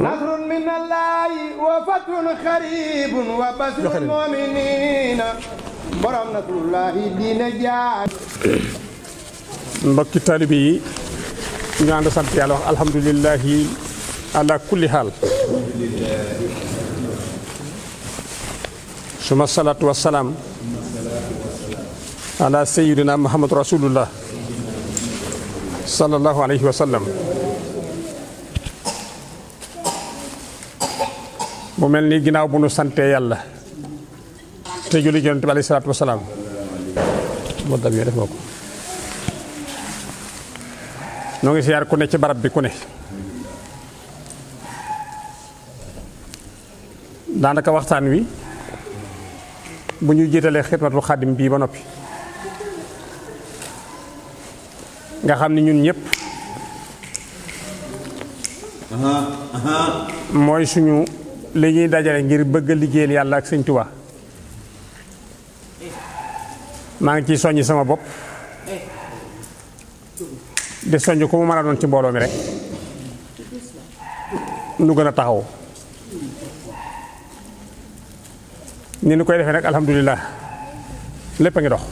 نثر من الله وفتح خريب وبسر المؤمنين برام نثر الله دين جاي مبكي طالبي نعند سنت يالوخ الحمد لله على كل حال ثم الصلاة والسلام على سيدنا محمد رسول الله صلى الله عليه وسلم mu melni ginaaw bu nu sante yalla te julli jonne tabi sallallahu alaihi wasallam mo dab yoo def ko noo ngi siyaar ku ne ci barab bi ku ne danaka waxtan wi bu ñu jitalé xidmatul xadim bi ba nopi nga ñun ñepp aha aha moy suñu li ñuy dajale ngir bëgg a liggéeyal yàlla ak sëñ sony maa ngi ciy sama bopp di soññ ku mu mën a doon ci mbooloo mi rek nu gën a taxaw ni nu koy defee nag alhamdulilah lépp a dox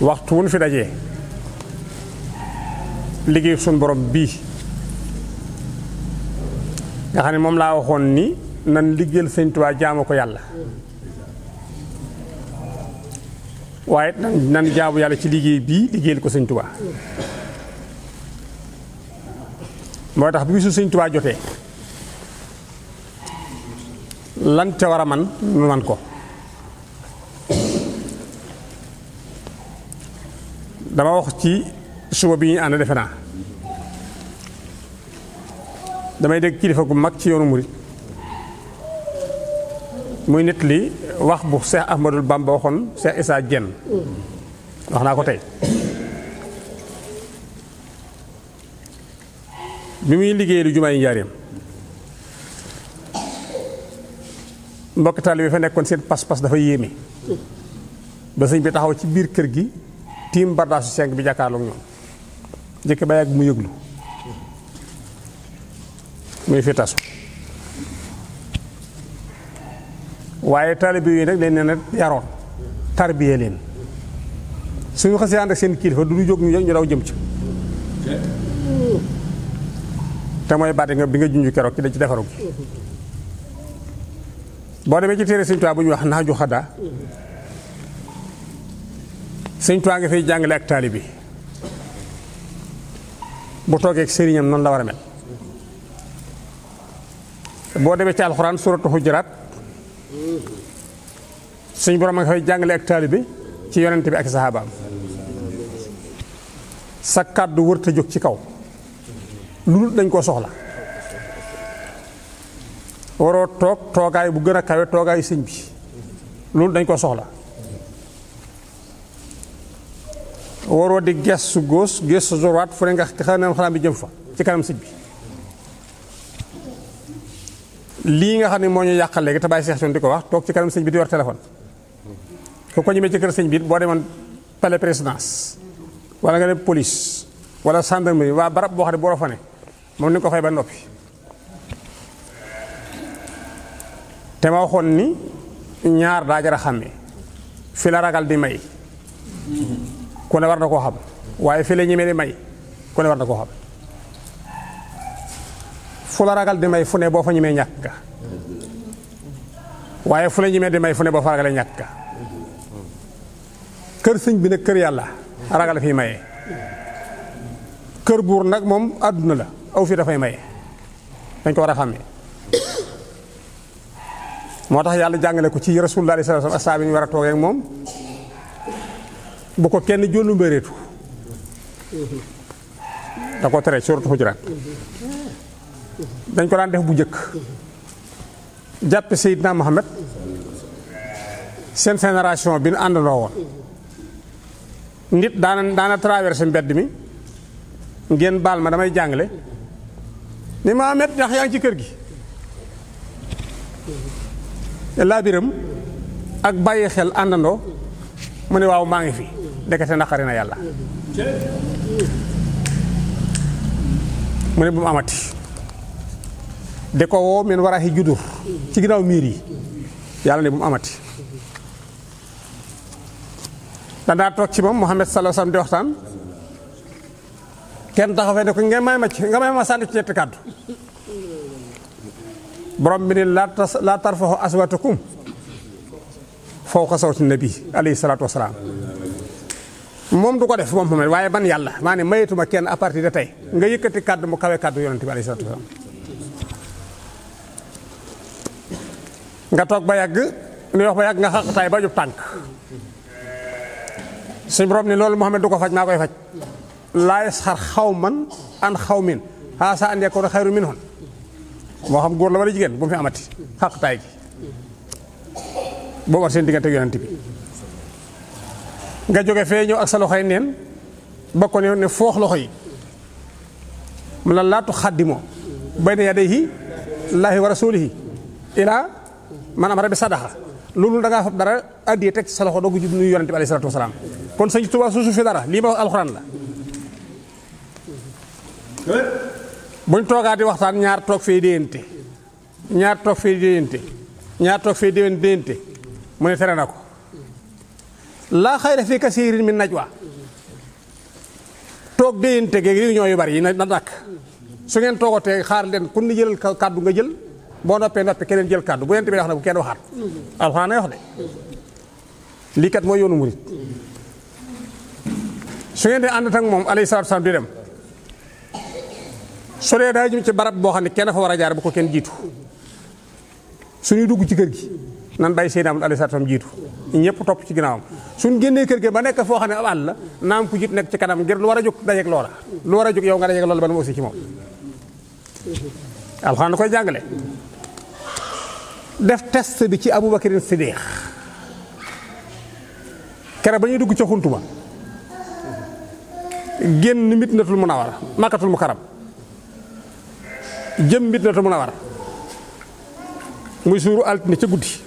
waxtu fi dajee liggéey sun borom bii nga ne moom laa waxoon ni nan liggéeyal sëñ Tuubaa jaamu ko yàlla waaye nan nan jaamu yàlla ci liggéey bii liggéeyal ko sëñ Tuubaa moo tax bu bisu sëñ Tuubaa jotee lan ca war a man nu man ko dama wax ci suba bi ñu ànd defe naa damay dégg kilifa gu mag ci yoonu murit muy nit li wax bu Cheikh Ahmadul Bamba waxoon Cheikh Issa Dieng wax naa ko tey bi muy liggéey lu jumaa yi njaareem taal taali bi fa nekkoon seen pas-pas dafa yéeme ba sëñ bi taxaw ci biir kër gi tiim bardaasu seng bi jàkkaarloog ñoom jëkk ba yàgg mu yëglu muy fi tasu waaye taalibe yi nag dañ ne nag yaroon tarbiye leen suñu xasee ànd ak seen kilifa du ñu jóg ñu daw jëm ci te mooy baat nga bi nga junj keroog ci da ci defaru gi boo demee ci téere Sëñ Tuubaa bu ñu wax naaju xaddaa Sëñ Tuubaa nga fay jàngale ak taalibe bi bu toogee ak sëriñam noonu la war a mel boo demee ci alxuraan suratu xujuraat suñ borom a nga fay jàngale ak taalibe ci yonente bi ak saxaabaam sa kàddu wërta jóg ci kaw lu dul dañ koo soxla waroo toog toogaay bu gën a kawe toogaayu sëñ bi lu dul dañ koo soxla waroo di gestu góos gestu droite fu ne nga xam ne xalaam bi jëm fa ci kanam sëñ bi lii nga xam ne moo ñu yàqal léegi te bàyyi Cheikh di ko wax toog ci kanam sëñ bi di yor téléphone ku ko ñemee ci kër sëñ bi boo demoon palais présidence wala nga ne police wala gendarmerie waa barab boo xam ne boo fa moom ni ko fay ba noppi te waxoon ni ñaar daa jar a xàmmee fi la ragal di may kone war na koo xam waaye fi la ñemee di may kone war na koo xam fu la ragal di may fu ne boo fa ñemee ñàkk ka waaye fu la ñemee di may fu ne boo fa ragalee ñàkk ka kër sëñ bi nag kër yàlla ragal fi maye kër buur nag moom àdduna la aw fii dafay maye dañ ko war a xàmmee moo tax yàlla jàngale ko ci rasulullah alayhi salaam ak saa war a toogee ak moom bu ko kenn jónnu mbéreetu da ko tere suratu Hujuraat dañ ko daan def bu jëkk jàppe Seydina Mohamed seen génération bi nu àndandoo woon nit daana daana traversé mbedd mi ngeen baal ma damay jàngale ni Mohamed ndax yaa ngi ci kër gi laabiram ak bàyyi xel àndandoo mu ne waaw maa ngi fi dekete naqari na yàlla mu ne bu mu amati di ko woo min war judur ci ginnaaw miir yi yàlla ne bu mu amati dandaa toog ci moom Muhammad sallallahu alayhi wasallam kenn taxaw fee ne ko nga may ma ci nga may ma sànni ci ñetti kàddu borom bi ne laa tarfaxu aswatakum fawqa sawti nabi alayhi salaatu wasalaam moom du ko def moom Muhammad waaye man yàlla maa ne mayetuma kenn à partir de tey nga yëkkati kàddu mu kawe kàddu yonente bi alayhi salaatu wasalaam nga tok ba yag ni wax ba yag nga tay ba jup tank sun borom ni loolu Muhammad du ko faj maa koy faj laa yasxar xawman an xawmin haasa an yakuna xayru minhum mo xam góor la wala jigen bu fi amati tay gi bo war sen digante yonent bi nga joge feñu ak sa loxoy nen ba ko ne ne foox loxo mala latu khadimo bayna yadayhi lahi wa rasulihi ila maanaam rabi sadaxa loolu da ngaa fab dara addiye teg ci sa loxo doogu jub nuyu yonente bi alayhi salaatu wasalaam kon sëñ Tuubaa suusu fi dara lii ma wax alxuraan la buñ toogaa di waxtaan ñaar toog fee déyante ñaar toog fee déyante ñaar toog fee déyante mu ne tere na ko laa xayra fi kasiirin min najwa toog déyante geeg réunion yu bari yi na dakk su ngeen toogatee xaar leen ku ni jëlal kàddu nga jël boo noppee noppi keneen jël kàddu bu yent bi wax na bu kenn waxaat mhm. alxuraan nay wax de mhm. lii kat mooy yoonu murit mhm. su ngeen ànd ak moom alayhi salaatu salaam di dem daa jëm ci barab boo xam ne kenn fa war a jaar bu ko kenn jiitu suñuy dugg ci kër gi nan bàyyi seen amul alayhi salaatu salaam jiitu ñëpp topp ci ginnaawam suñ génnee kër gi ba nekk foo xam ne ab àll la naam ku jiit nekk ci kanam ngir lu war a jóg dajeeg loola lu war a jóg yow nga dajeeg loola ba mu aussi ci moom alxuraan da koy jàngale def test bi ci Aboubacarin Siddiq kere ba ñuy dugg ca xuntu ba génn Madinatul Munawwara Makkatul Mukarram jëm Madinatul war muy suuru altine ca guddi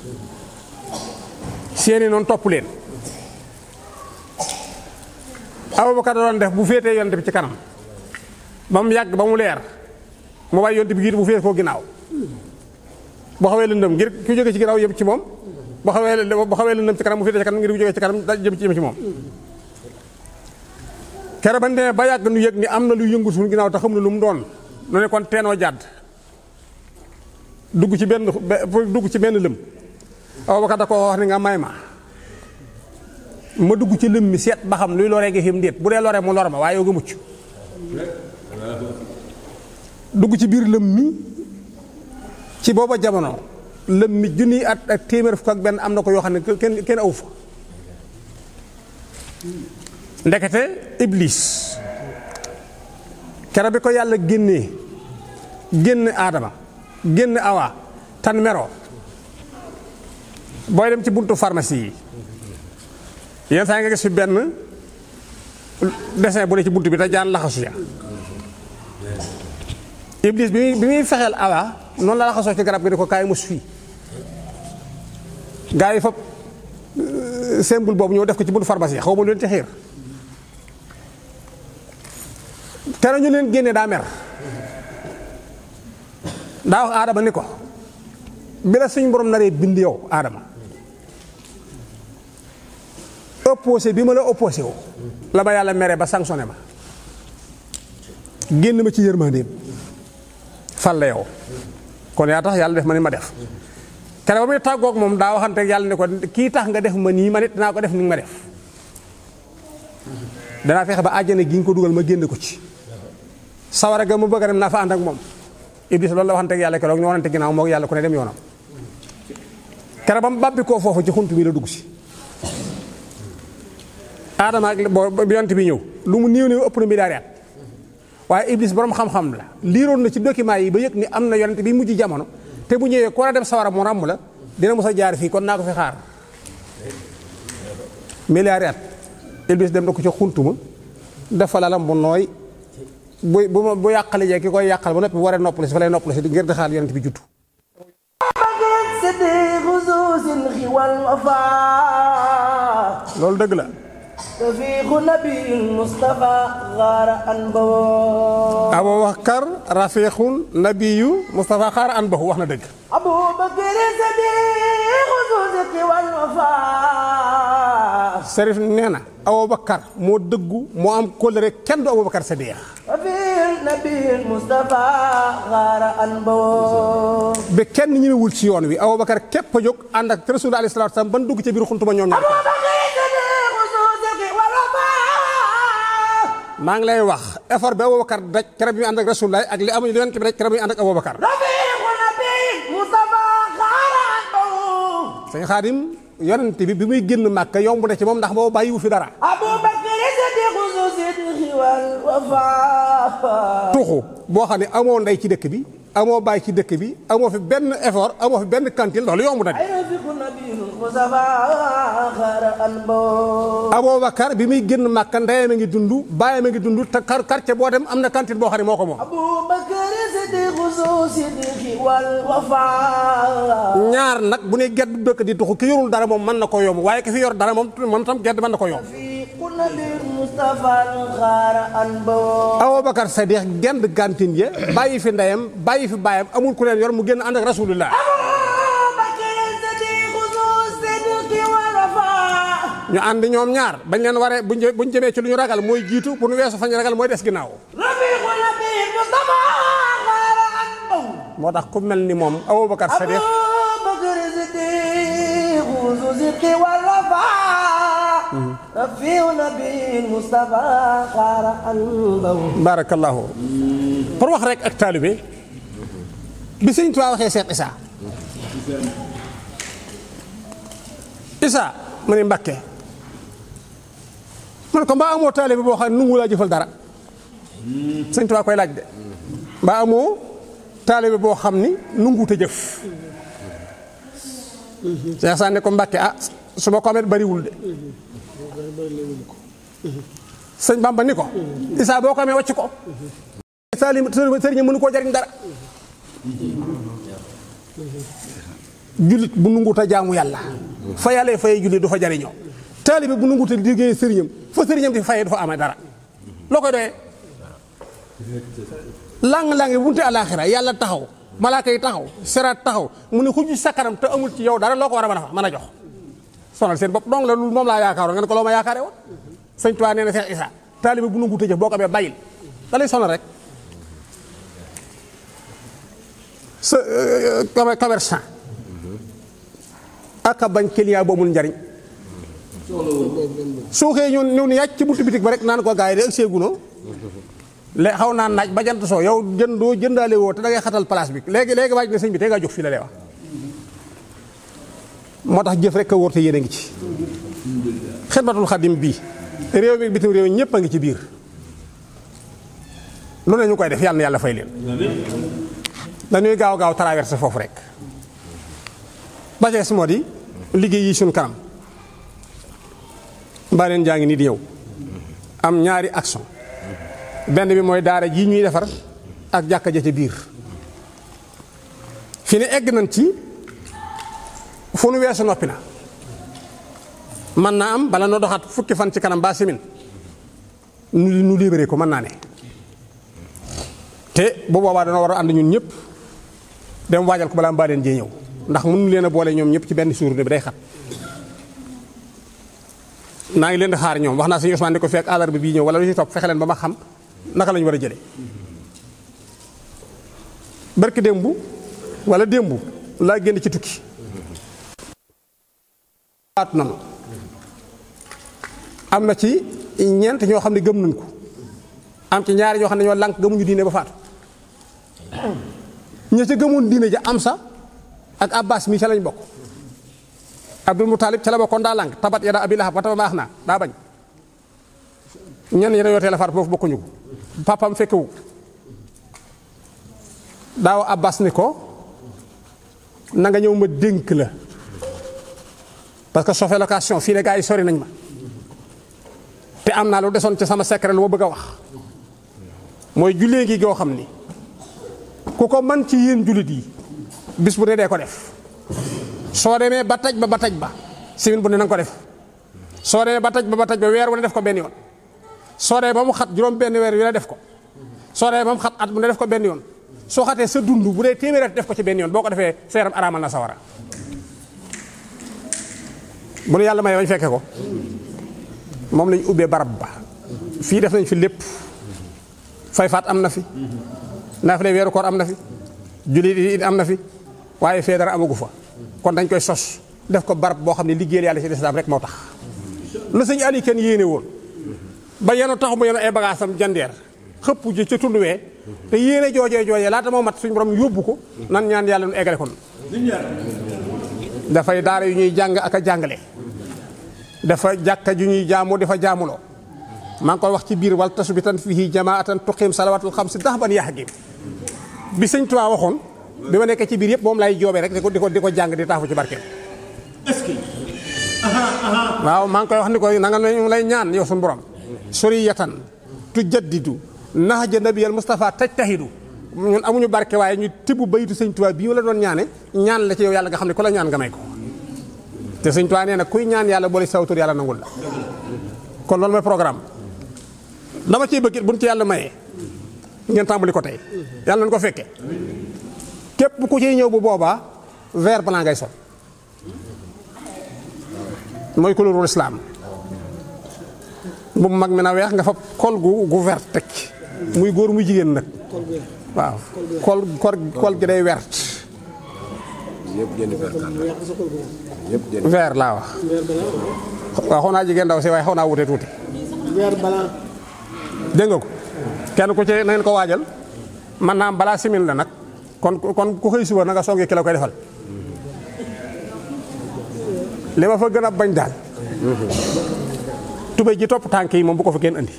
seeni noonu topp leen Aboubacar da doon def bu féetee yonte bi ci kanam ba mu yàgg ba mu leer mu bàyyi yonte bi giir bu féete koo ginnaaw bu xawee lëndëm ngir ku jóge ci ginnaaw yem ci moom bu xawee lëndëm bu xawee lëndëm ci kanam mu féete ci kanam ngir ku jóge ci kanam da ci moom kere bañ demee ba yàgg nu yëg ni am na luy yëngu suñu ginnaaw te xam na lu mu doon nu kon teenoo jàdd dugg ci benn dugg ci benn lëm Abubakar da wax ni nga may ma ma dugg ci lëm mi seet ba xam luy loree gi fi déet bu dee loree mu lor ma waaye yow nga mucc dugg ci biir lëm mi ci booba jamono lëm mi junniy at ak téeméer fukk ak benn am na ko yoo xam ne kenn kenn awu fa ndekete iblis kero bi ko yàlla génnee génn aadama génn awa tan mero booy dem ci buntu pharmacie yi yenn saa nga gis fi benn dessin bu ne ci buntu bi te jaan laxasu ya iblis bi bi muy fexeel awa noonu la laxasoo ci garab gi ne ko kaay mos fii gaa yi fop euh, symbole boobu ñoo def ko ci buntu pharmacie xaw ma lu leen ci xiir tere ñu leen génne daa mer daa wax aadama ni ko bi la suñu borom naree bind yow aadama opposé bi ma la opposé la ba yàlla mere ba sanctionné ma génn ma ci yërmandeem fal la yow kon yaa tax yàlla def ma ni ma def kene ba muy tàggoog moom daa waxante yàlla ne ko kii tax nga def ma nii ma nit dinaa ko def ni ma def danaa fexe ba àjjana gi nga ko dugal ma génn ko ci sawara ga bëgg a dem naa fa ànd ak moom Iblis loolu la waxante ak yàlla keroog ñu waxante ginnaaw moog yàlla ku ne dem yoonam kere ba mu bàbbi koo foofu ci xunt bi la dugg si aadama ak bo yonent bi ñëw lu mu néew néew ëpp na mi daari at waaye iblis borom xam-xam la liiroon na ci document yi ba yëg ni am na yonent bi mujj jamono te bu ñëwee ku war a dem sawara mu ràmm la dina mos a jaar fii kon naa ko fi xaar milliards at dem na ko ca xuntuma dafa lalam bu nooy bu bu bu yàqale jee ki koy yàqal ba noppi bu waree noppale si fa lay noppale si ngir di xaar yonent bi juttu loolu dëgg la رفيق نبي المصطفى غار أنبه أبو بكر رفيق نبي مصطفى غار أنبه وحنا دق أبو بكر صديق ذوزك والوفاء سريف نينا أبو بكر مو دقو مو أم كل رك كندو أبو بكر صديق رفيق نبي المصطفى غار أنبه بكن نيمي wul ci yoon wi Abubakar képp jóg ànd ak Rasul alayhi salaatu wa salaam ban dugg ci biir xuntu ba ñoom ñaar Abubakar maa ngi lay wax effort bi Aboubacar daj keroog bi mu ànd ak Rasulullah ak li amuñu yonent bi daj keroog bi mu ànd ak Aboubacar. sëñ Xaadim yonent bi bi muy génn Màkka yomb na ci moom ndax boobu bàyyiwu fi dara. tuxu boo xam ne amoo ci dëkk bi amoo bàyyi ci dëkk bi amoo fi benn effort amoo fi benn kantil ndax lu yomb na Aboubacar bi muy génn Màkka ndeyam a ngi dund baayam a ngi dund te kar quartier boo dem am na cantine boo xam ne moo ko moom. ñaar nag bu ne gedd dëkk di tuxu ki yorul dara moom mën na ko yomb waaye ki fi yor dara moom moom tam gedd mën na ko yomb. Aboubacar Sadiq genn cantine ya bàyyi fi ndeyam bàyyi fi baayam amul ku yor mu génn ànd ak ñu ànd ñom ñaar bañ leen waré buñ jëmé ci luñu ragal moy jitu wéssu ragal ku melni mom abou bakkar sadiq barakallahu pour wax rek ak talibé bi seigne touba cheikh isa isa mu ne ko mbaa amoo taalibe boo xam ne nangu laa jëfal dara sëñ Tuubaa koy laaj de mbaa amoo boo xam ni nanguute jëf Cheikh Sane ne ko Mbàkke ah su ma ko amee bariwul de sëñ Bamba ni ko isaa boo ko amee wàcc ko saalim mënu koo jariñ dara jullit bu nanguute jaamu yàlla fa yàlla fay jullit du fa jariñoo taalibe bu nanguute liggéey sëriñam fa sëriñam di fayee dafa amee dara loo koy doyee lang-lang bu bunte àllaaxira yàlla taxaw malaaka yi taxaw seraat taxaw mu ne ku ci sa te amul ci yow dara loo ko war a man a mën a jox sonal seen bopp donc la loolu moom laa yaakaaroon nga ne ko loo ma yaakaaree woon sëñ Tuubaa nee na Seex Isaa taalibe bu nanguute jëf boo ko amee bàyyil da lay rek sa euh, euh, euh, commerçant ak a bañ client bu amul njariñ suuxee ñun ñun yàcc ci buntu bitik ba rek naan ko gars yi de ak seegunoo le xaw naa naaj ba jant soo yow jëndoo jëndaale woo te da xatal place bi léegi léegi waaj ne sëñ bi tey ngaa jox fii la lay wax moo tax jëf rek a wóor te yéen a ngi ci xidmatul xadim bii réew mi bitim réew ñëpp a ngi ci biir lu ne ñu koy def yàlla yàlla fay leen dañuy gaaw gaaw sa foofu rek ba jeex moo di liggéey yi suñ kanam mbaren yang ini diau, am nyari action benn bi moy daara ji ñuy defar ak jakka ja ca biir fi ne egg nañ ci fu nu weesu nopi na man na am bala no doxat fukki fan ci kanam ba simin nu nu libéré ko man na né te bu boba da war wara and ñun ñëpp dem wajal ko bala mbaren je ñew ndax mënu leena boole ñëpp ci benn bi day xat na ngi len di xaar ñom waxna seigne Ousmane ne ko fekk àllarba bi ñew wala lu ci topp fexe ba ma xam naka lañu wara jëlé jële barki démb wala dembu la génn ci tukki at nanu amna ci ñent ño xamni gëm nañ ko am ci ñaar ño xamni ño lank gëmu ñu diine ba faatu ña ca gëmoon diine ja am sa ak abbas mi ci lañ bokk Abdul Mutaalib ca la bokkoon daa lànk tabat yadaa abii lahab wa taba maax naa daa bañ ñenn ñi dañoo teel a far foofu bokkuñu ko papaam fekkewu daaw Abbas ni ko na nga ñëw ma dénk la parce que sofe location fii ne gaa yi sori nañ ma te am naa lu desoon ci sama secret lu ma bëgg a wax mooy jullee ngi goo xam ni ku ko man ci yéen jullit yi bis bu ne dee ko def soo demee ba taj ba ba taj ba semaine bu ne na nga ko def soo demee ba taj ba ba taj ba weer wu ne def ko benn yoon soo demee ba mu xat juróom benn weer wi ne def ko soo demee ba mu xat at mu ne def ko benn yoon soo xatee sa dund bu dee téeméer at def ko ci benn yoon boo ko defee sa yaram araamal na sawara bu nu yàlla may bañ fekke ko moom lañ ubbee barab ba fii def nañ fi lépp fay faat am na fi naaf lay weeru koor am na fi jullit yi am na fi waaye fee dara amagu fa kon dañ koy sos def ko barab bo xamni ne yalla ci islam rek motax tax seigne ali ken yene woon ba yenu taxu mu yenu ay bagasam jander xep ju ci tund wee te yéene joojee joojee mat suñu borom yobbu ko nan ñaan yalla ñu égalé kon dafay daara yu ñuy jang ak jangalé da fa jakka ju ñuy jaamu difa jaamuloo maa ngi ko wax ci bir wal tasbitan fihi jamaatan tuqim salawatul khams dahban yahgim bi seigne tuwaa bima nek ci bir yëpp mom lay joobee rek diko diko jang di tafu ci barke waaw maa koy wax ni koy na nga lay ñaan yow sun borom suriyatan tu jaddidu nahja nabiyal mustafa tajtahidu ñun amuñu barke way ñu tibbu baytu seigne tuba bi wala doon ñaané ñaan la ci yow yalla nga xamni ko la ñaan nga may ko te seigne tuba neena kuy ñaan yalla boole sawtur yalla nangul la kon lool mooy programme dama ci bëgg buñ ci yalla mayee ngeen tambali ko tay yalla nañ ko képp ku ci ñew bu boba vert blanc ngay sol moy couleuru islam bu mag mi na wex nga fa kol gu gu vert tek muy gor muy jigen nak waaw kol kol kol gi day vert vert gene vert la wax waxona jigen ndaw si Kolgu. xaw naa wute tuuti dégg nga ko kenn ku ci nañ ko wajal man na bala simin la nak kon kon ku xëy suba na nga songee koy defal li ma fa gën a bañ daal tubéy ji topp tànk yi moom bu ko fa kenn andi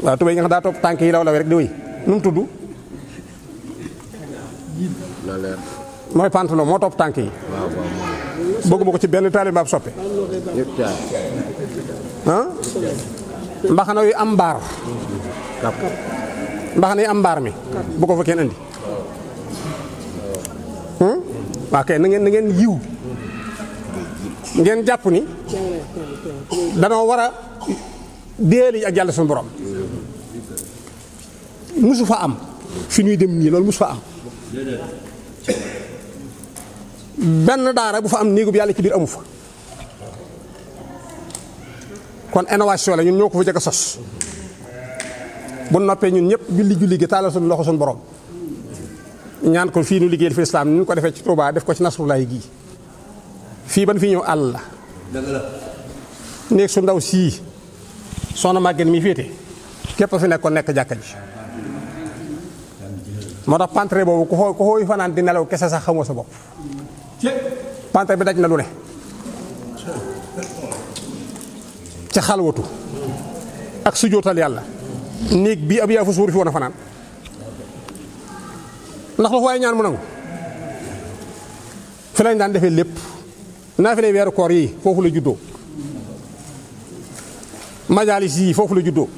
waaw tubéy nga xam daa topp tànk yi law law rek di wéy nu mu tudd mooy pantalon moo topp tànk yi bëgguma ko ci benn taalibaab soppe ah mbaxana yu am mbaar ni am bar mi bu ko fa kenn andi hmm wa kay na ngeen na ngeen yiw ngeen japp ni dañoo wara deeli ak yalla sun borom musu fa am fi ñuy dem ni lool musu fa am ben daara bu fa am néegub yalla ci bir amu fa kon innovation la ñun ñoko fa jëk sos bu noppee ñun ñëpp julli julli gi taalal suñu loxo suñu borom ñaan ko fii nu liggéeyal fi islaam ni ñu ko defee ci Touba def ko ci Nasrulaay gii fii ban fii ñëw àll la néeg su ndaw sii soxna màgget mi féete képp fi nekkoon nekk jàkka ji moo tax pentre boobu ku xoo fanaan di nelaw kese sax xamoo sa bopp pantre bi daj na lu ne ci xalwatu ak sujjóotal yàlla néeg bii ab yaa fa suur fi woon fanaan ndax loxo waaye ñaan mu nangu daan defee lépp naa fi yi foofu la juddoo majaalis yi foofu la juddoo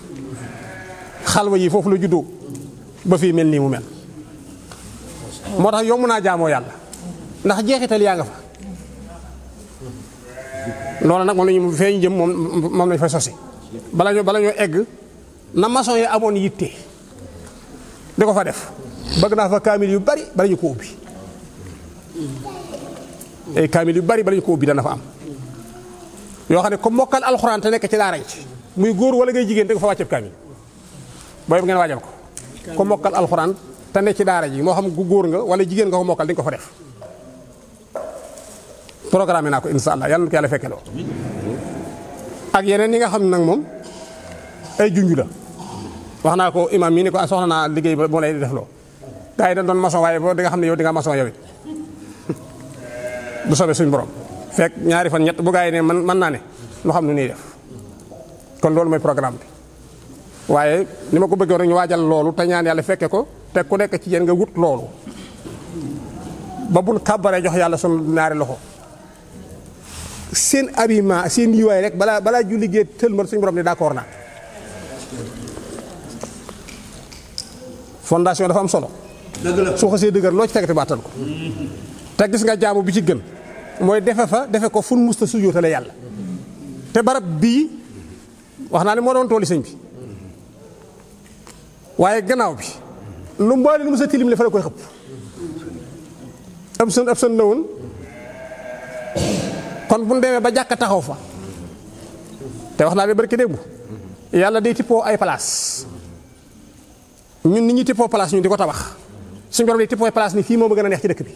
xalwa yi foofu la juddoo ba fii mel nii mu mel moo tax yomb naa jaamoo yàlla ndax jeexital yaa nga fa loolu nag moom jëm moom lañ fay sosi bala ñoo bala ñoo egg na maçon yi amone yitté diko fa def bëgg na fa kamil yu bari bari ñu ko ubbi ay kamil yu bari bari ñu ko ubbi dana fa am yo xane ko mokal te nek ci ci muy goor wala ngay jigen diko fa fa kamil boy bu ngeen waajal ko ko mokal alxuraan te nek ci daara ji mo xam gu goor nga wala jigen nga ko mokal diko fa def programme naa ko insha allah yàlla na ko ak yenen yi nga xam nak mom ay junjula wax naa ko imam yi ni ko ah soxla naa liggéey ba moo lay defloo gars yi dañ doon maçon waaye boo di a xam ne yow di nga maçon yow it bu soobee suñu borom fekk ñaari fan ñett bu gars yi ne man mën naa ne nu xam nu ñuy def kon loolu mooy programme bi waaye ni ma ko bëggee rek waajal loolu te ñaan yàlla fekke ko te ku nekk ci yéen nga wut loolu ba buñ kàbbaree jox yàlla sunu ñaari loxo seen abima seen yiwaay rek balaa balaa ju liggéey tëlmal suñu borom ne d'accord naa fondation dafa am solo. su xasee dëgër loo ci tegati baatal ko. te gis nga jaamu bi ci gën mooy defe fa defe ko fu mu musta sujjóotale yàlla. te barab bii wax naa ne moo doon tooli sëñ bi waaye gannaaw bi lu mboole lu mu sa tilim li fa la koy xëpp. ab sën la woon kon bu ñu demee ba jàkk taxaw fa te wax naa ne barki démb yàlla day tippoo ay palaas ñun ni ñu tippoo place ñun di ko tabax suñu borom di tippoo place ni fii moo ma gën a neex ci dëkk bi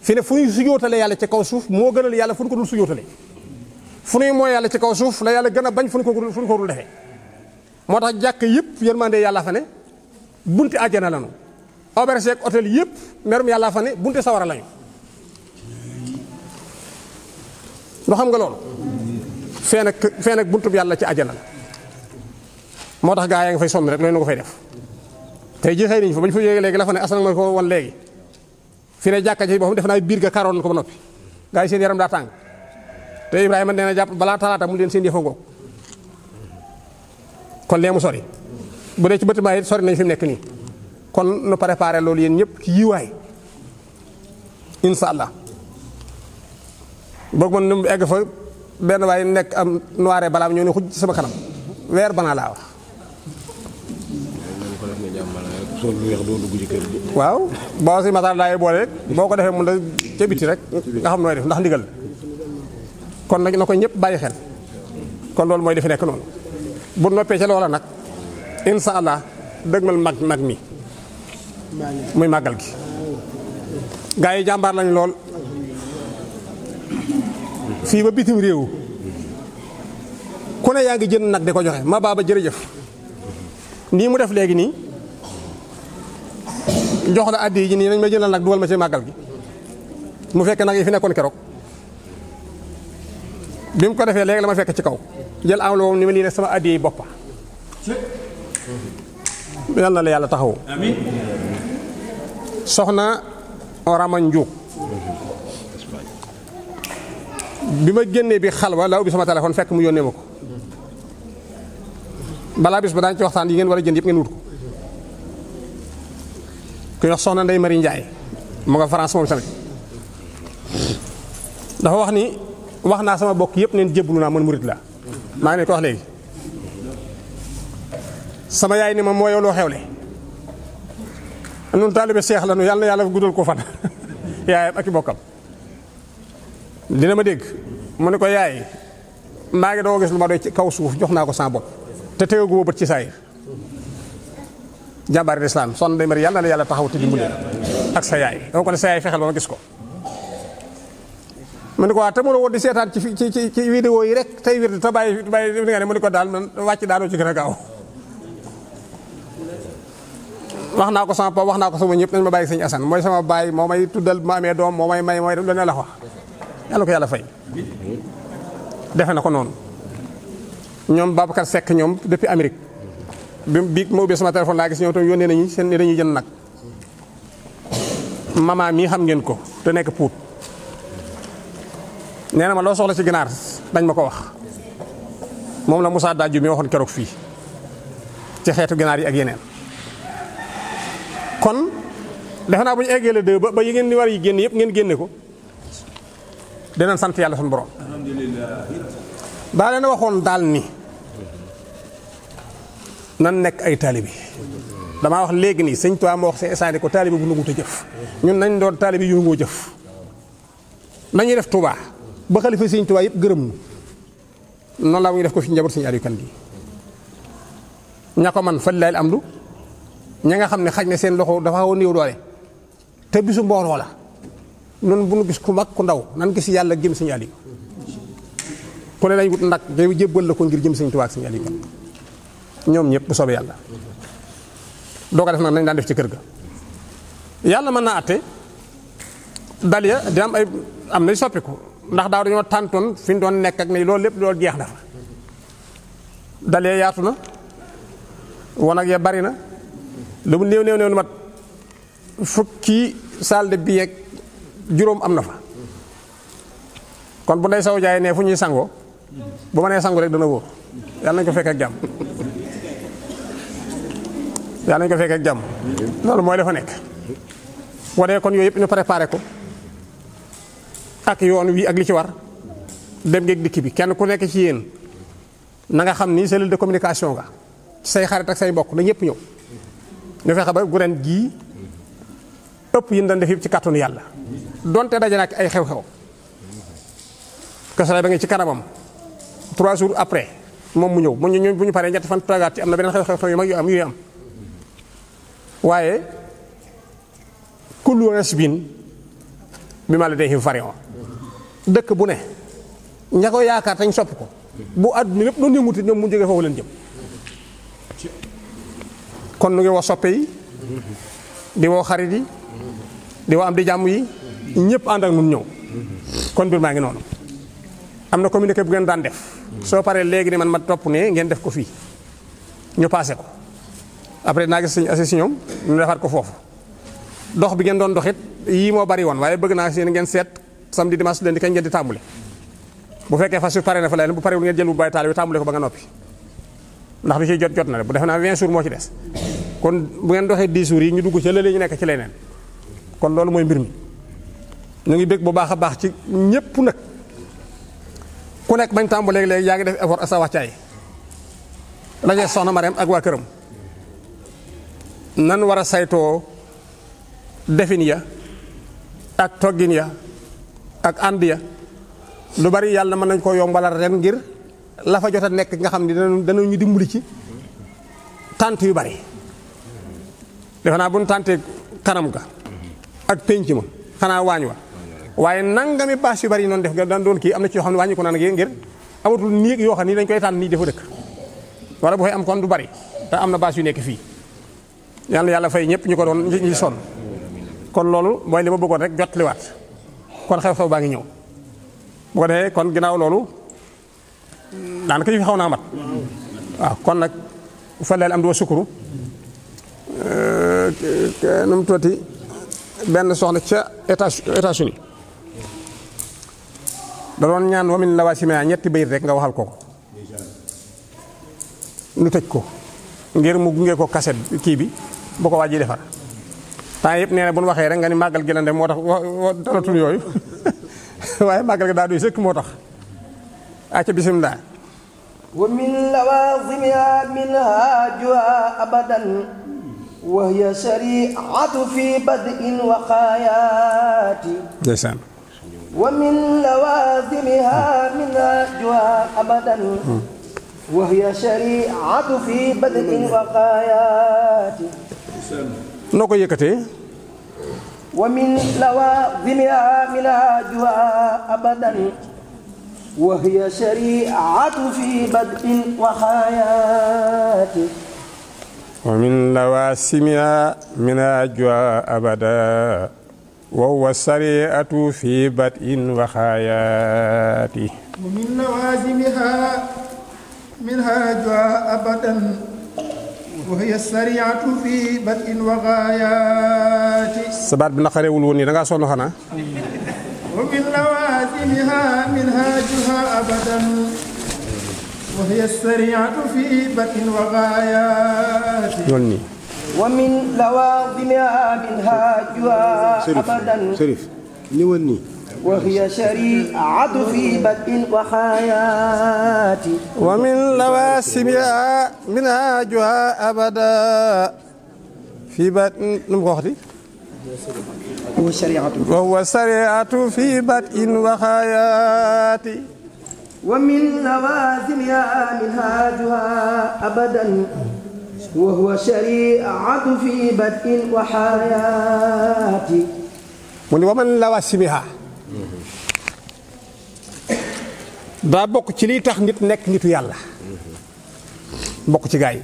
fi ne fu ñuy sujootalee yàlla ci kaw suuf moo gënal yàlla fu ñu ko dul sujootalee fu ñuy mooy yàlla ci kaw suuf la yàlla gën a bañ fu ñu ko fu ñu dul defee moo tax jàkk yëpp yërmande yàlla fa ne bunti àjjana lañu auberge ak hôtel yëpp merum yàlla fa ne bunti sawara lañu loo xam nga loolu fee nag fee nag buntu bi yàlla ci àjjana la moo tax gaa yaa ngi fay sonn rek loolu na ko fay def tey ji xëy nañ fa ba ñu fa jógee léegi la fa ne asal na ko woon léegi fi ne jàkka ji boo xam def naa biir ga karoon na ko ba noppi gaa seen yaram daa tàng te Ibrahima nee na jàpp balaa talaata mu leen seen yëfa ngoog kon lee mu sori bu dee ci bâtiment yi sori nañ fi nekk nii kon nu préparé loolu yéen ñëpp ci yiwaay incha allah boog man nu mu egg fa benn waay nekk am noire balaam ñëw ne xuj sama kanam weer banaa laa wax sol lu weex doo dugg ci kër gi. waaw boo si matar daay boole rek boo ko defee mun la ca biti rek nga xam nooy def ndax ndigal kon nag na ko ñëpp bàyyi xel kon loolu mooy defi nekk noonu bu noppee ca loola nag incha allah mal mag mag mi muy màggal gi gaa yi jàmbaar lañu lool fii ba bitim réew ku ne yaa ngi jënd nag di ko joxe ma baaba jëf nii mu def léegi nii jox la addi yi nii nañ ma jëlal nag dugal ma ci màggal gi mu fekk nag yi fi nekkoon keroog bi mu ko defee léegi la ma fekk ci kaw jël am woon ni ma lii ne sama addi yi boppa yal na la yàlla taxawu amiin soxna Rama Njuug bi ma génnee bi xalwa laa ubbi sama téléphone fekk mu yónnee ma ko balaa bis ba daañu ci waxtaan yi ngeen war a jënd yëpp ngeen wut ko ku wax soxna Ndeye mari Ndiaye mu nga France moom tamit dafa wax ni wax naa sama bokk yëpp neen jébbalu naa man murit la maa ngi ko wax léegi sama yaay ni ma moo yow loo xewle nun taalibe seex la nu yàlla yàlla guddal ko fan yaayam ak i bokkam dina ma dégg mu ne ko yaay maa ngi doo gis lu ma doy ci kaw suuf jox naa ko sa bopp te teewagu bët ci saayir jàmbaari lislaam son day mari yàlla na la yàlla taxaw te dimbali ak sa yaay dama ko ne sa yaay fexeel ba ma gis ko mu ne ko waa te mu la woon di seetaan ci ci ci ci vidéo yi rek tey wér te bàyyi bàyyi nga ne mu ne ko daal man wàcc daanoo ci gën a gaaw wax naa ko sama papa wax naa ko sama ñëpp nañ ma bàyyi sëñ Assane mooy sama baay moo may tuddal ma amee doom moo may may mooy lu ne la wax yàlla fay defe na ko noonu ñoom Babacar Seck ñoom depuis Amérique bi bi ma ubbee sama téléphone laa gis ñëw tam yónnee nañu seen ni dañuy jënd nag mama mii xam ngeen ko te nekk puut nee na ma loo soxla ci ginaar dañ ma ko wax moom la Moussa Dadju mi waxoon keroog fii ci xeetu ginaar yi ak yeneen kon defe naa bu ñu eggee la dëgg ba ba yi ngeen di war yi génn yëpp ngeen génne ko dinañ sant yàlla suñu borom. alhamdulilah. leen waxoon daal ni. nan nekk ay taalibi damaa wax léegi nii sëñ Tuubaa moo wax see esaani ko taalibi bu nanguut a jëf ñun nañ doon taalibi yu nangoo jëf nañuy def Tuubaa ba xalifa sëñ Tuubaa yëpp gërëm nu la laa muy def ko fi njaboot sëñ Aliou Kane gi ña ko man am lu ña nga xam ne xaj na seen loxo dafa xaw a néew doole te bisu mbooloo la nun bu nu gis ku mag ku ndaw nan gis yàlla jëm sëñ Aliou ku ne lañ wut nag jébbal la ko ngir jëm sëñ Tuubaa ak sëñ Aliou Kane ñom ñep bu soobee yàlla doo ko def nak nañ dan def ci kër ga yalla mëna naa atte ya di am ay am nay soppiku ndax daaw dañu tanton fi doon ak ne lool lepp lool jeex na fa ya yaatu na won ak ya bari na lu mu néew néew néew mat fukki sal de billet juróom am na fa kon bu ndey saw jaay ne fu ñuy sango bu ma nee sango rek dana wo yalla nañ ko fekk ak jam yàlla nañ ko fekk jàmm loolu mooy dafa nekk wane kon yooyu yëpp ñu préparé ko ak yoon wii ak li ci war dem ngeeg dikk bi kenn ku nekk ci yéen na nga xam ni cellule de communication nga say xarit ak say mbokk na ñëpp ñëw ñu fexe ba gu ren gii ëpp yi ñu doon def ci kàttanu yàlla donte daje nag ay xew-xew kasara ba nga ci kanamam trois jours après moom mu ñëw mu ñu bu ñu paree ñetti fan toogaat ci am na beneen xew-xew yu mag yu am. waaye kullu rasbin bi ma la dee farion dëkk bu ne ña yaakaar tañ sopp ko bu àdduna lépp doon yënguti mu jógee foofu leen jëm kon nu ngi woo soppe yi di woo am di jàmm yi ñëpp ànd ak nun ñëw kon mbir maa ngi noonu am na communiqué bu ngeen daan def soo paree léegi ne man ma topp ne ngeen def ko fii ñu paase ko après naa gis suñu assis ñoom ñu defaat ko foofu dox bi ngeen doon doxit yii moo bari woon waaye bëgg naa seen ngeen seet samedi dimanche leen di kañ ngeen di tàmbule bu fekkee fas yu pare na fa leen bu parewul ngeen jël bu bàyyi taal bi tàmbule ko ba nga noppi ndax bi ci jot jot na bu def naa 20 jours moo ci des kon bu ngeen doxee 10 jours yi ñu dugg ci lële ñu nekk ci leneen kon loolu mooy mbir mi ñu ngi bég bu baax a baax ci ñépp nag ku nekk bañ tàmbalee léegi yaa ngi def effort sa wàccaay la soxna Mariam ak waa këram nan war a saytoo defin ya ak toggin ya ak ànd ya lu bari yàlla mën nañ koo yombalal ren ngir lafa fa jot a nekk nga xam ni dana dana ñu dimbali ci tànt yu bari defe naa bu nu tàntee kanam ga ak pénc ma xanaa waañ wa waaye nangami baas yu bari noonu def nga daan doon kii am na ci yoo xam ne wàññi ko naan ngir amatul nii yoo xam ni dañ koy tànn nii dafa dëkk wala bu fay am kon lu bari te am na baas yu nekk fii yal yàlla fay ñëpp ñu ko doon ñi sonn kon loolu mooy li ma bëggoon rek jot liwaat kon xew-xew baa ngi ñëw bu ko kon ginnaaw loolu daanaka yi fi xaw naa mat waaw kon nag fa leel am du wa sukuru euh, nu benn soxna ca États-Unis da doon ñaan ñetti bayit rek nga waxal ko ko nu tëj ko ngir mu gunge ko kaset kii bi bu ko waa ji defar temps yëpp nee na nga ni màggal gi moo tax dalatul yooyu waaye màggal gi daa duy sëkk moo tax acca bisimilah wa min lawazimiha min lawazimiha minhajuha wa hiya shariatu fi badin wa xayaati noo ko yëkkatee wa min lawaazimiha minhaajuha abadan min lawaazimiha minhaajuha abada wa huwa shariatu fi badin wa xayaati وهي السريعة في بدء وغايات سبات بن خريول وني دا سونو خنا ومن لوازمها منهاجها أبدا وهي السريعة في بدء وغايات يوني ومن لوازمها منهاجها أبدا شريف ني وني وهي شريعة في بدء وحياة ومن لواسمها منهاجها أبدا في بدء نمغوخدي وهو شريعة وهو في بدء وحياة ومن لوازمها منهاجها أبدا وهو شريعة في بدء وحياتي ومن لوازمها da bok ci li tax nit nek nitu yalla bok ci gay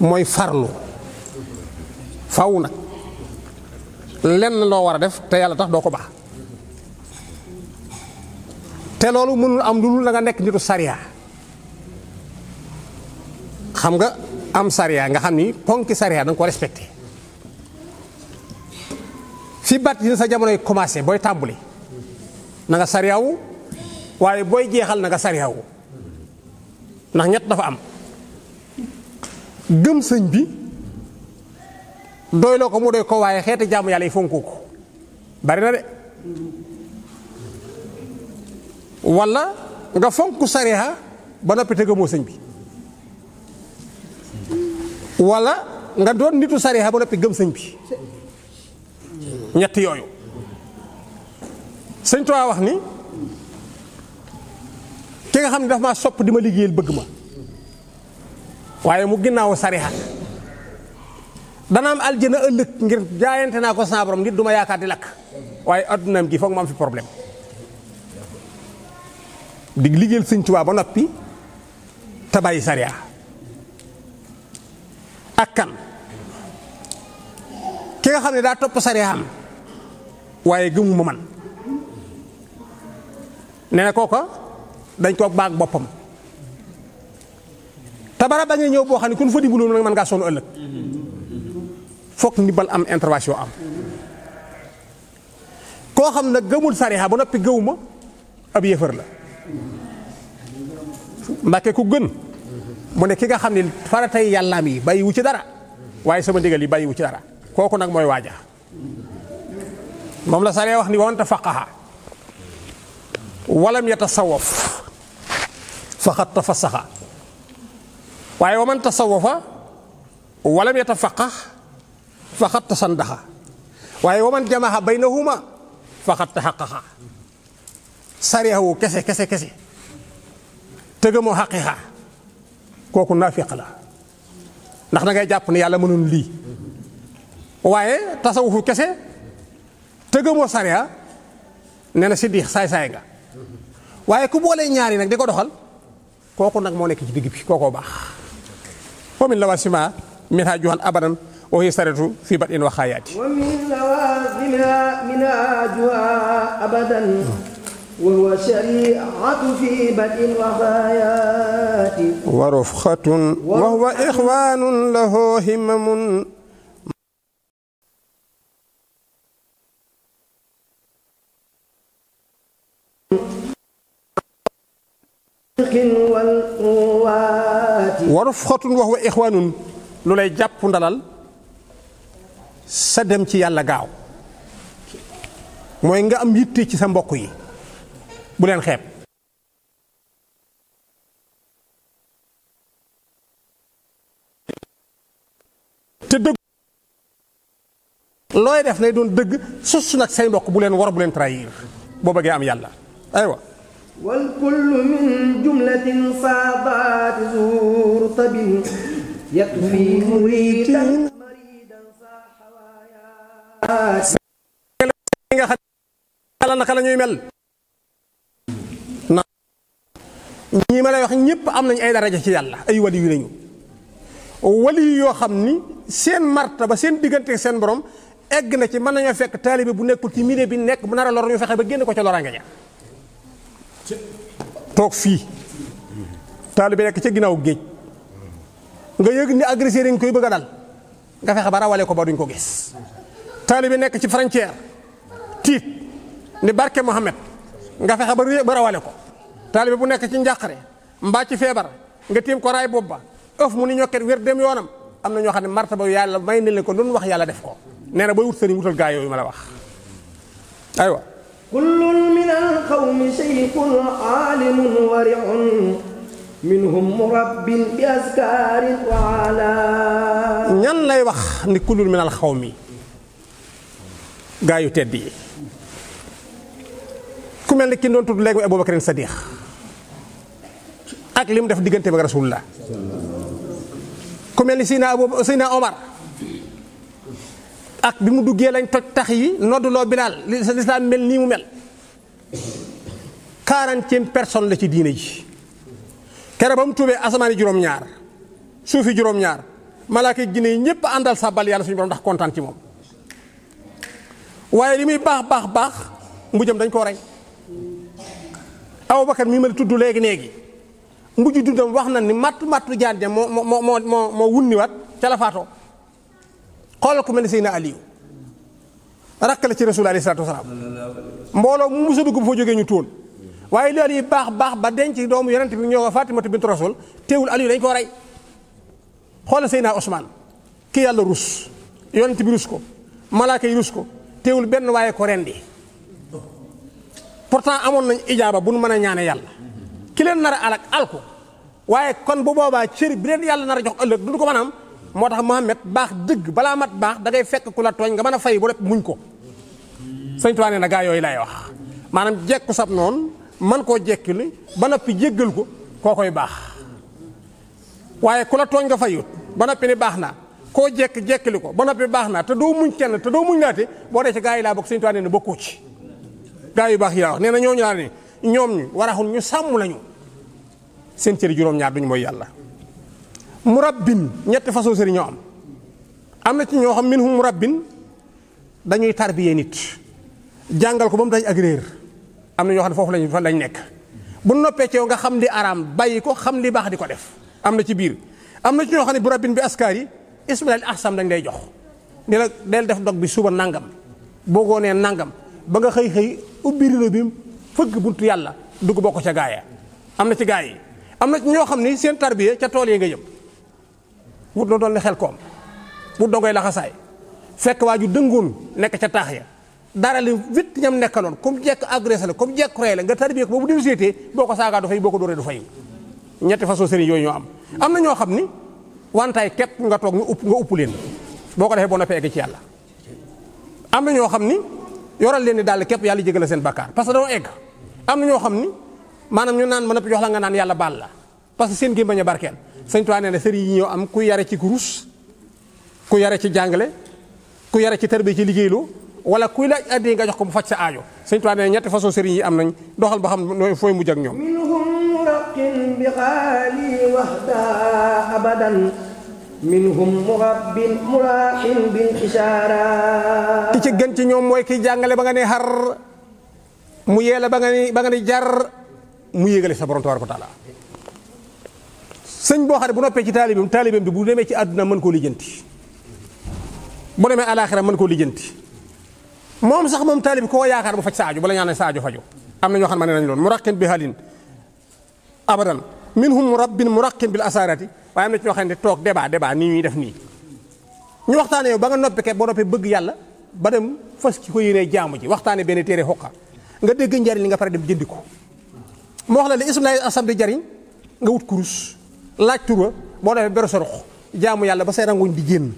moy farlu faw nak len lo wara def te yalla tax doko te lolou munul am lulul la nga nek nitu sharia xam nga am sharia nga xam ni ponki sharia dang ko respecter fi bat sa jamono commencé boy tambuli na nga sariyaawu waaye booy jeexal na nga sariyaawu ndax ñett dafa am gëm sëñ bi doyloo ko mu doy ko waaye xeeti jaamu yàlla yi fonku ko bari na de wala nga fonk sariya ba noppi te gëmoo sëñ bi walla nga doon nitu sariya ba noppi gëm sëñ bi ñett yooyu seigne tuwaa wax ni ki nga xamni daf sopp di ma liggéeyal bëgg ma waaye mu ginnaaw sariha dana am aljana ëllëg ngir jaayante naa ko sa borom nit duma yaakaar di lakk waaye addunaam gi foog ma am fi problème di liggéeyal seigne tuwaa ba noppi ta bàyyi sariha ak kan ki nga xam ne daa topp sarihaam waaye man nee kooka dañ koo baag boppam te barab da ñëw boo xam ne ku ñu fa dimbalu nag mën ngaa sonn ëllëg foog ndimbal am intervention am koo xam ne gëmul sariha ba noppi ma ab yëfër la mbàkke ku gën mu ne ki nga xam ne faratay yàllaam yi bàyyiwu ci dara waaye sama ndigal yi bàyyiwu ci dara kooku nag mooy waaja moom la sariya wax ni wonte faqaha ولم يتصوف فقد تفسخ واي ومن تصوف ولم يتفقه فقد تصندخ واي ومن جمع بينهما فقد تحقق سريه كسي كسي كسي تجمع حقها كوكو نافق لا نحن جاي جاب نيالا منون لي واي تصوف كسي تجمع سريه نانا سيدي ساي waaye ku boolee ñaari nag di ko doxal kooku nag moo nekk ci digg bi kookoo baax wa min lawasima minha juhan abadan wa hiya saratu fi bat wa khayati wa min lawasima minha juha abadan wa huwa shariatu fi bat wa khayati wa rufxatun wa huwa ikhwanun lahu himmun waruf xotun wax wa ixwaanun lu lay jàpp ndalal sa dem ci yàlla gaaw mooy nga am yitte ci sa mbokk yi bu leen xeeb dëgg looy def nay doon dëgg sus nag say mbokk bu leen war bu leen trahir boo bëggee am yàlla aywa wal kullu min jumlatin saadaati zuur tabib yakfi muriidan mariidan saa xawaaya xala mel na ñi ma wax ñëpp am nañ ay daraja ci yàlla ay wali yu lañu wali yu yoo xam ni seen martaba seen diggante seen borom egg na ci mën nañoo fekk taalibe bu nekkul ci milieu bi nekk bu nar a lor ñu fexe ba génn ko ca loraange ja toog fii taalibe nekk ca ginnaaw géej nga yëg ni agressé dañ koy bëgg a dal nga fexe ba rawale ko ba duñ ko gis taalibe nekk ci frontière tiit ni barke Mohamed nga fexe ba ba rawale ko taalibe bu nekk ci njàqare mbaa ci feebar nga tiim ko raay bopp ba ëf mu ni ñokket wér dem yoonam am na ñoo xam ne ba yàlla may ne leen ko doon wax yàlla def ko nee na booy wut sëriñ wutal gaa yooyu ma la wax aywa كل من القوم شيخ عالم ورع minhum murabbin bi askarin wa ñan lay wax ni kulul minal xaw mi gaa yu tedd yi ku mel ni ki doon tudd léegi Abubakar Sadiq ak li mu def diggante ak Rasulullah ku mel ni Sina Abu Sina Omar ak bi mu duggee lañ toj tax yi nodduloo bilaal lislaam mel nii mu mel quarantième personne la ci diine ji kere ba mu tuubee asamaan yi juróom-ñaar suufi juróom-ñaar malaaka yi yi ñëpp àndal sàbbal yàlla suñu borom ndax kontaan ci moom waaye li muy baax baax baax mbujam dañ koo rey Abubakar mii ma tudd léegi léegi mbuju dundam wax na ni matt mattu jaan ja moo moo moo moo wunniwaat ca la xoolal ku mel ne Seydina Aliou rakk la ci rasul alayhi salaatu wasalaam mbooloo mu musa dugg bu fa jógee ñu tuul waaye loolu yi baax baax ba denc doomu yonent bi ñoo ko Fatimatu bint rasul teewul Aliou dañ koo rey xoolal Seydina Ousmane ki yàlla rus yonent bi rus ko malaaka yi rus ko teewul benn waaye ko rendi pourtant amoon nañ ijaaba bu nu mën a ñaane yàlla ki leen nar a alak alko waaye kon bu boobaa cër bi leen yàlla nar a jox ëllëg duñu ko mën a am moo tax Mohamed baax dëgg balaa mat baax dangay ngay fekk ku la tooñ nga mën a fay bu rek muñ ko sëñ Tuubaa nee na gaa yooyu lay wax maanaam jekku sab noon man koo jekkili ba noppi jéggal ko koo koy baax waaye ku la tooñ nga fayut ba noppi ni baax naa koo jekk jekkili ko ba noppi baax naa te doo muñ kenn te doo muñ naate boo dee ci gaa yi laa bokk sëñ Tuubaa nee na bokkoo ci gaa yu baax yi laa wax nee na ñooñu laa ne ñoom ñu waraxul ñu sàmm lañu seen cëri duñu mooy yàlla murabbin ñetti façon sëriñ ñoo am am na ci ñoo xam minhum murabbin dañuy tarbiyee nit jàngal ko ba mu daj ak am na ñoo xam ne foofu lañ fa lañ nekk bu noppee ci nga xam li araam bàyyi ko xam li baax di ko def am na ci biir am na ci ñoo xam ne murabbin bi askar yi ismail ahsam dañ lay jox ni la del def dog bi suba nangam boo goonee nangam ba nga xëy xëy ubbi bi fëgg bunt yàlla dugg bokk ca gaaya am na ci gaay yi am na ñoo xam ni seen tarbiya ca tool yi nga jëm wut la dolli xel koom wut doo koy laxasaay fekk waa ju dëngoon nekk ca taax ya dara li vite ñam nekkaloon comme jekk agressé la comme jekk rey la nga tarbiyee ko ba bu dem seetee boo ko saagaa du fay boo ko dóoree du fay ñetti façon sëriñ yooyu ñoo am. am na ñoo xam ni wantaay képp nga toog nga upp nga upp leen boo ko defee boo noppee egg ci yàlla am na ñoo xam ni yoral leen ni daal képp yàlla jégal seen bakkaar parce que dañoo egg am na ñoo xam ni maanaam ñu naan ma noppi jox la nga naan yàlla baal la parce que seen gémmiñ a barkeel seigne touba nee na yi ñoo am ku yare ci kurus ku yare ci jangale ku yare ci terbe ci liggéeyloo wala ku la addi nga jox ko mu faj sa aajo seigne touba nee ñetti façon sëriñ yi am nañ doxal ba xam noy foy mu ak ñom minhum murabbin murahin bil ishaara ki ci gën ci ñom moy ki jangale ba nga ne har, mu yela ba nga ni ba nga ni jar mu yéegale sa borom ko taala sëñ boo xam ne bu noppee ci taalibeem taalibeem bi bu demee ci àdduna mën koo lijjanti bu demee alaaxira mën koo lijjanti moom sax moom taalib koo yaakaar bu faj saaju bala ñaan saaju faju am na ñoo xam ne nañ loon muraqin bi halin abadan minhum murabbin muraqin bil asarati waaye am na ci ñoo xam ne toog débat débat nii ñuy def nii ñu waxtaanee yow ba nga noppi kat boo noppee bëgg yàlla ba dem fas ci ko yéenee jaamu ji waxtaanee benn téere xoqa nga dégg njariñ li nga pare dem jëndi ko moo wax la li ismlaay asam di jariñ nga wut kurus laaj turu boo def ber sorox jaamu yalla ba say ranguñ di genn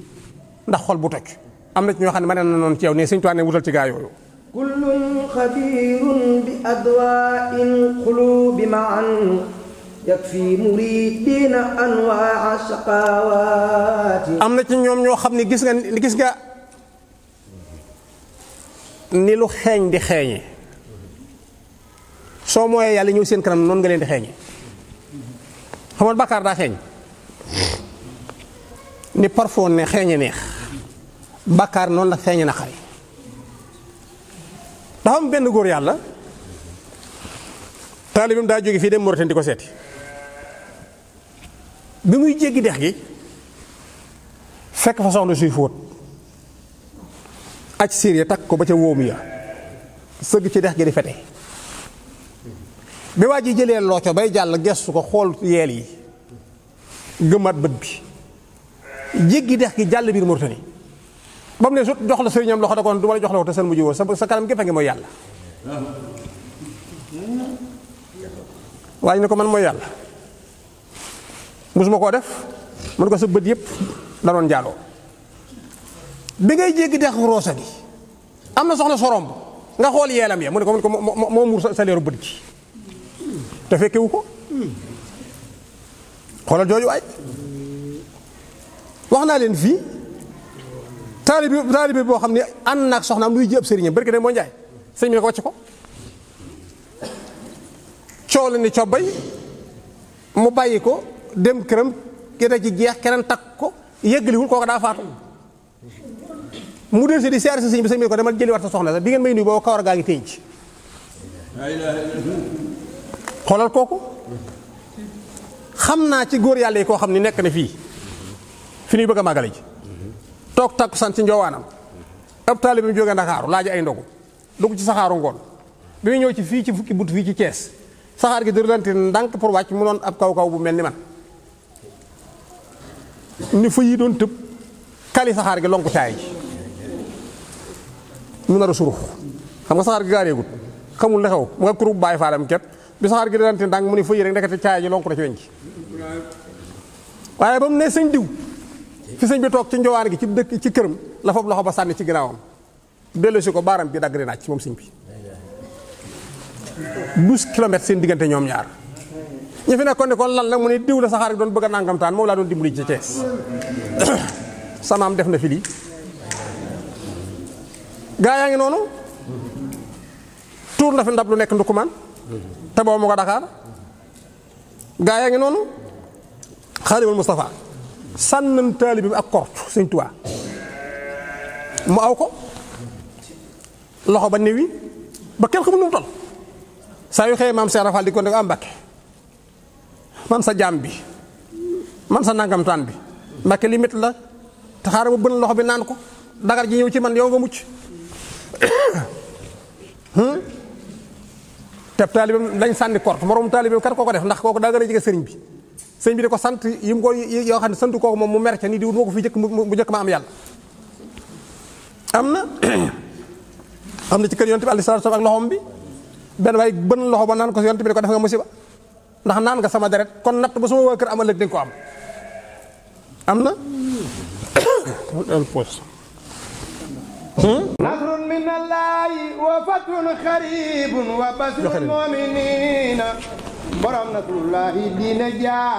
ndax xol bu toj amna ci ñoo xamne ne ma na noonu ci yow ne sëñ tuwaan wutal ci gaa yooyu كل خبير بأدواء القلوب معا يكفي مريدين أنواع الشقاوات أمنا تي نيوم غيس nga غيس nga ni lu di xeñi so moye yalla ñew seen kanam non nga leen di xamoon bàkkaar daa xeeñ ni parfum ne xeeñe neex bàkkaar noonu la xeeñe na xari dafa am benn góor yàlla taalibam daa jóge fii dem Mauritanie di ko seeti bi muy jéggi dex gi fekk fa soxna suy fóot aj siir ya takk ko ba ca wóomu ya sëgg ci dex gi di fete bi waji jele locho bay jall gestu ko xol yel yi gemat beut bi jeegi dex gi jall bir murtani bam ne sut jox la serignam loxo da kon du ma jox la ko te seen mu woo sa kanam gépp a ngi yalla waji waaye ne ko man mooy yalla musuma ko def man ko sa beut yep da doon jalo bi ngay jeegi dex rosa gi amna soxna sorom nga xol yelam ya mu ne ko mo ne ko moo sa leeru beut te fekkewu ko xoolal jooju waay wax naa leen fii taalibi taalibi boo xam ne ànd naag soxnaam luy ji ab sëriñam barke dem moo njaay ko wàcc la ni cobbay mu bàyyi ko dem këram gerte ci jeex keneen takk ko yëggaliwul kooku daa faatu mu del si di seer si sëñ bi sëñ bi ko demal jëliwaat sa soxna sax bi ngeen may nuyu boobu kawar gaa ngi ci xoolal kooku xam naa ci góor yàlla yi koo xam ni nekk na fii fi ñuy bëgg a màggale ji toog takkusaan ci njoowaanam ab taalibe bi mu jóge ndaxaaru laaj ay ndogu dugg ci saxaaru ngoon bi muy ñëw ci fii ci fukki but fii ci Thiès saxaar gi dërëlante ndànk pour wàcc mu doon ab kaw kaw bu mel ni man ni fa yi doon tëb kali saxaar gi lonku caay ji mu nar a xam nga saxaar gi gaareegut xamul ne xew mu nga kurub bàyyi faalam ket bi saxaar gi di dante ndànk mu ne fëyi rek ndekete caaya ji lonk na ci weñ gi waaye ba mu ne sëñ diw fi sëñ bi toog ci njowaan gi ci dëkk ci këram la fab loxo ba sànni ci ginnaawam dellusi ko baaram bi dagg di naaj moom sëñ bi douze kilomètres seen diggante ñoom ñaar ñu fi nekkoon ne kon lan la mu ne diw la saxaar gi doon bëgg a nàngamtaan moom laa doon dimbali ci Cees samaam def na fi lii gaa yaa ngi noonu tuur na fi ndab lu nekk man te boo mu nga Dakar gaa yaa ngi noonu xaalimul Moustapha sànnan taalibi bi ak kort Sëñ mu aw ko loxo ba néew yi ba kenn xamul nu mu toll saa yu xëyee maam Seex Rafal di ko ne am Mbàkke man sa jaam bi man sa nangamtaan bi Mbàkke li métti la te xaaral ma bën loxo bi naan ko dagar ji ñëw ci man yow nga mucc hmm? te taalibeem lañ sànni kort moroom taalibeem kat koo ko def ndax kooku daa gën a jege sëriñ bi sëriñ bi di ko sant yi mu ko yoo xam ne sant kooku moom mu mer ca ni diwut moo ko fi jëkk mu jëkk ma am yàlla am na am na ci kër yonte bi aleyhi salaatu bi benn waaye bën loxo ba naan ko yonte bi di ko def nga musiba ndax naan nga sama deret kon natt ba sama waa kër am ëllëg di nga ko am am na نصر من الله وفتح خريب وبشر المؤمنين برم نصر الله دين جاي